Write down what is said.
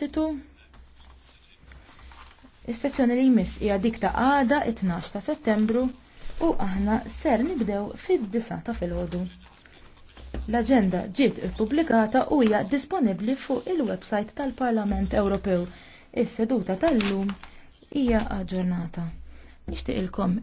Titu, Is-sessjoni li jmiss hija dik ta' għada 12 ta' Settembru u aħna ser nibdew fid-9 ta' filgħodu. L-aġenda ġiet ippubblikata u hija disponibbli fuq il-website tal-Parlament Ewropew. Is-seduta tal-lum hija aġġornata. Nixtieqilkom